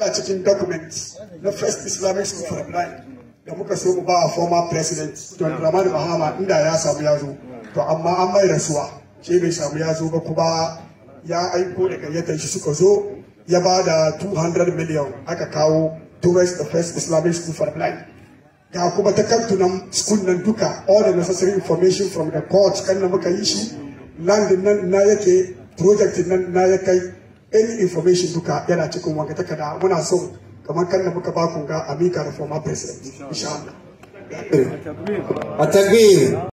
a cikin document na first islamic school for blind da muka so mu ba a former president john dramani mahama inda ya samu ya to amma an mai rasuwa shi bai samu ya zo ba kuma ya aiko da gayyatar shi suka zo ya ba da 200 million aka kawo towards the first islamic school for blind. ga kuma takardunan school nan duka all the necessary information from the court kan na muka yi shi landin nan na yake project nan na ya kai any information duka yana cikin wanga takarda muna so kamar kan da muka ba ku ga amika da former president insha Allah a